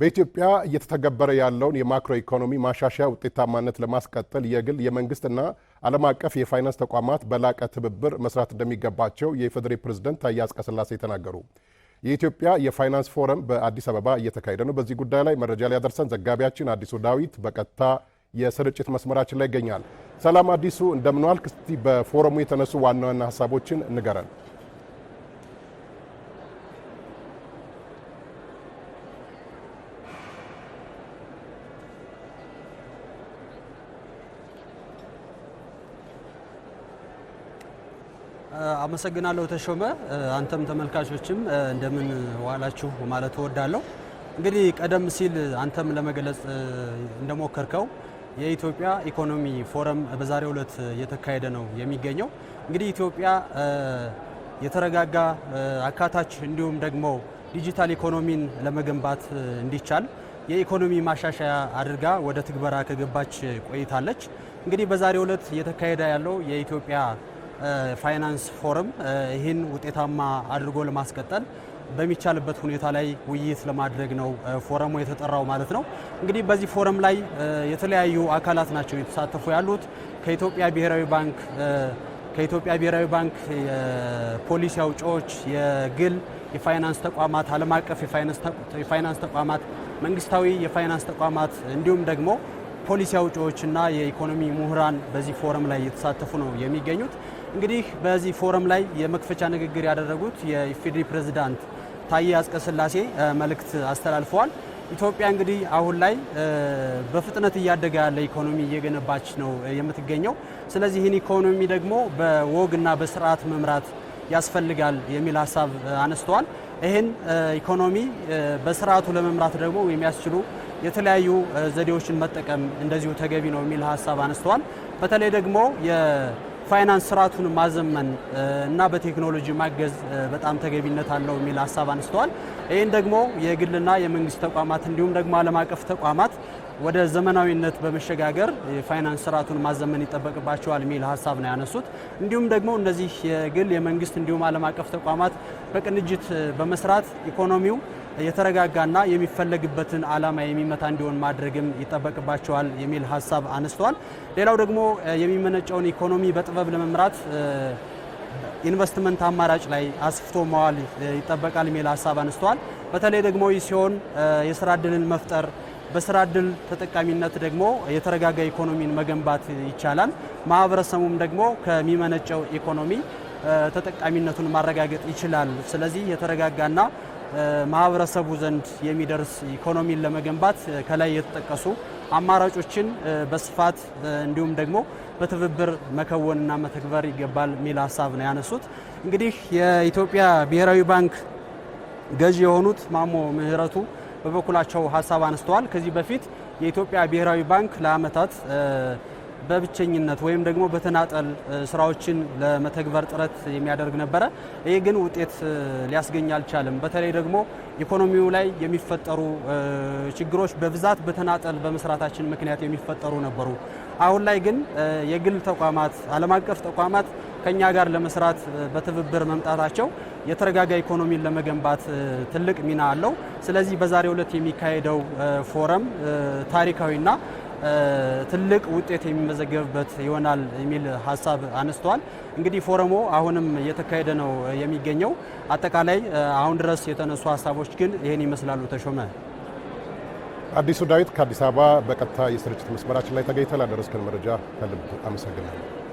በኢትዮጵያ እየተተገበረ ያለውን የማክሮ ኢኮኖሚ ማሻሻያ ውጤታማነት ለማስቀጠል የግል የመንግስትና ዓለም አቀፍ የፋይናንስ ተቋማት በላቀ ትብብር መስራት እንደሚገባቸው የኢፌዴሪ ፕሬዝደንት ታዬ አጽቀሥላሴ ተናገሩ። የኢትዮጵያ የፋይናንስ ፎረም በአዲስ አበባ እየተካሄደ ነው። በዚህ ጉዳይ ላይ መረጃ ሊያደርሰን ዘጋቢያችን አዲሱ ዳዊት በቀጥታ የስርጭት መስመራችን ላይ ይገኛል። ሰላም አዲሱ፣ እንደምን በፎረሙ የተነሱ ዋና ዋና ሀሳቦችን ንገረን። አመሰግናለሁ ተሾመ። አንተም ተመልካቾችም እንደምን ዋላችሁ ማለት እወዳለሁ። እንግዲህ ቀደም ሲል አንተም ለመግለጽ እንደሞከርከው የኢትዮጵያ ኢኮኖሚ ፎረም በዛሬው ዕለት እየተካሄደ ነው የሚገኘው። እንግዲህ ኢትዮጵያ የተረጋጋ አካታች፣ እንዲሁም ደግሞ ዲጂታል ኢኮኖሚን ለመገንባት እንዲቻል የኢኮኖሚ ማሻሻያ አድርጋ ወደ ትግበራ ከገባች ቆይታለች። እንግዲህ በዛሬው ዕለት እየተካሄደ ያለው የኢትዮጵያ ፋይናንስ ፎረም ይህን ውጤታማ አድርጎ ለማስቀጠል በሚቻልበት ሁኔታ ላይ ውይይት ለማድረግ ነው ፎረሙ የተጠራው ማለት ነው። እንግዲህ በዚህ ፎረም ላይ የተለያዩ አካላት ናቸው የተሳተፉ ያሉት ከኢትዮጵያ ብሔራዊ ባንክ ከኢትዮጵያ ብሔራዊ ባንክ የፖሊሲ አውጪዎች፣ የግል የፋይናንስ ተቋማት፣ ዓለም አቀፍ የፋይናንስ ተቋማት፣ መንግስታዊ የፋይናንስ ተቋማት እንዲሁም ደግሞ ፖሊሲ አውጪዎችና የኢኮኖሚ ምሁራን በዚህ ፎረም ላይ እየተሳተፉ ነው የሚገኙት። እንግዲህ በዚህ ፎረም ላይ የመክፈቻ ንግግር ያደረጉት የኢፌዴሪ ፕሬዝዳንት ታዬ አጽቀሥላሴ መልእክት አስተላልፈዋል። ኢትዮጵያ እንግዲህ አሁን ላይ በፍጥነት እያደገ ያለ ኢኮኖሚ እየገነባች ነው የምትገኘው። ስለዚህ ይህን ኢኮኖሚ ደግሞ በወግና በስርዓት መምራት ያስፈልጋል የሚል ሀሳብ አነስተዋል። ይህን ኢኮኖሚ በስርዓቱ ለመምራት ደግሞ የሚያስችሉ የተለያዩ ዘዴዎችን መጠቀም እንደዚሁ ተገቢ ነው የሚል ሀሳብ አነስተዋል። በተለይ ደግሞ ፋይናንስ ስርዓቱን ማዘመን እና በቴክኖሎጂ ማገዝ በጣም ተገቢነት አለው የሚል ሀሳብ አንስተዋል። ይህን ደግሞ የግልና የመንግስት ተቋማት እንዲሁም ደግሞ ዓለም አቀፍ ተቋማት ወደ ዘመናዊነት በመሸጋገር የፋይናንስ ስርዓቱን ማዘመን ይጠበቅባቸዋል የሚል ሀሳብ ነው ያነሱት። እንዲሁም ደግሞ እነዚህ የግል የመንግስት እንዲሁም ዓለም አቀፍ ተቋማት በቅንጅት በመስራት ኢኮኖሚው የተረጋጋና የሚፈለግበትን ዓላማ የሚመታ እንዲሆን ማድረግም ይጠበቅባቸዋል የሚል ሀሳብ አነስተዋል። ሌላው ደግሞ የሚመነጨውን ኢኮኖሚ በጥበብ ለመምራት ኢንቨስትመንት አማራጭ ላይ አስፍቶ መዋል ይጠበቃል የሚል ሀሳብ አነስተዋል። በተለይ ደግሞ ይህ ሲሆን የስራ እድልን መፍጠር በስራ እድል ተጠቃሚነት ደግሞ የተረጋጋ ኢኮኖሚን መገንባት ይቻላል። ማህበረሰቡም ደግሞ ከሚመነጨው ኢኮኖሚ ተጠቃሚነቱን ማረጋገጥ ይችላል። ስለዚህ የተረጋጋና ማህበረሰቡ ዘንድ የሚደርስ ኢኮኖሚን ለመገንባት ከላይ የተጠቀሱ አማራጮችን በስፋት እንዲሁም ደግሞ በትብብር መከወንና መተግበር ይገባል የሚል ሀሳብ ነው ያነሱት። እንግዲህ የኢትዮጵያ ብሔራዊ ባንክ ገዢ የሆኑት ማሞ ምህረቱ በበኩላቸው ሀሳብ አነስተዋል። ከዚህ በፊት የኢትዮጵያ ብሔራዊ ባንክ ለአመታት በብቸኝነት ወይም ደግሞ በተናጠል ስራዎችን ለመተግበር ጥረት የሚያደርግ ነበረ። ይህ ግን ውጤት ሊያስገኝ አልቻለም። በተለይ ደግሞ ኢኮኖሚው ላይ የሚፈጠሩ ችግሮች በብዛት በተናጠል በመስራታችን ምክንያት የሚፈጠሩ ነበሩ። አሁን ላይ ግን የግል ተቋማት፣ ዓለም አቀፍ ተቋማት ከኛ ጋር ለመስራት በትብብር መምጣታቸው የተረጋጋ ኢኮኖሚን ለመገንባት ትልቅ ሚና አለው። ስለዚህ በዛሬው ዕለት የሚካሄደው ፎረም ታሪካዊና ትልቅ ውጤት የሚመዘገብበት ይሆናል የሚል ሀሳብ አነስተዋል። እንግዲህ ፎረሙ አሁንም እየተካሄደ ነው የሚገኘው። አጠቃላይ አሁን ድረስ የተነሱ ሀሳቦች ግን ይህን ይመስላሉ። ተሾመ አዲሱ ዳዊት ከአዲስ አበባ በቀጥታ የስርጭት መስመራችን ላይ ተገኝተ ላደረስክን መረጃ ከልብ አመሰግናለሁ።